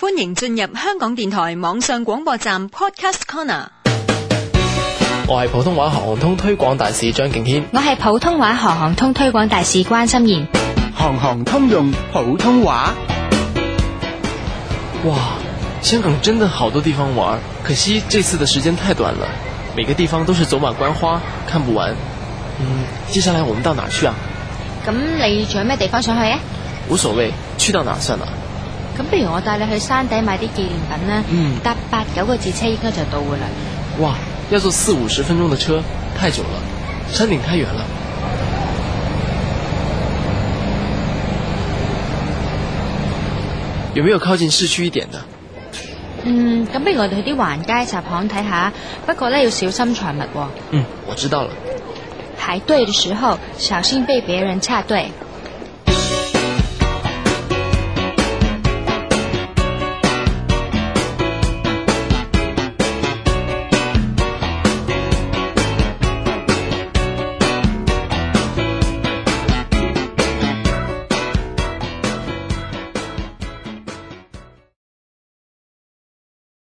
歡迎進入香港電台網上廣播站 Podcast Corner。我係普通話行行通推廣大使張敬軒，我係普通話行行通推廣大使關心妍。行行通用普通話。哇，香港真的好多地方玩，可惜這次的時間太短了，每個地方都是走馬觀花，看不完。嗯，接下來我們到哪兒去啊？咁你仲有咩地方想去啊？無所謂，去到哪兒算哪。咁不如我帶你去山頂買啲紀念品啦，搭八九個字車應該就到噶啦。哇，要坐四五十分鐘的車，太久了，山頂太遠啦。有沒有靠近市區一點的？嗯，咁不如我哋去啲橫街雜巷睇下，不過咧要小心財物喎。嗯，我知道了。排隊的時候小心被別人插隊。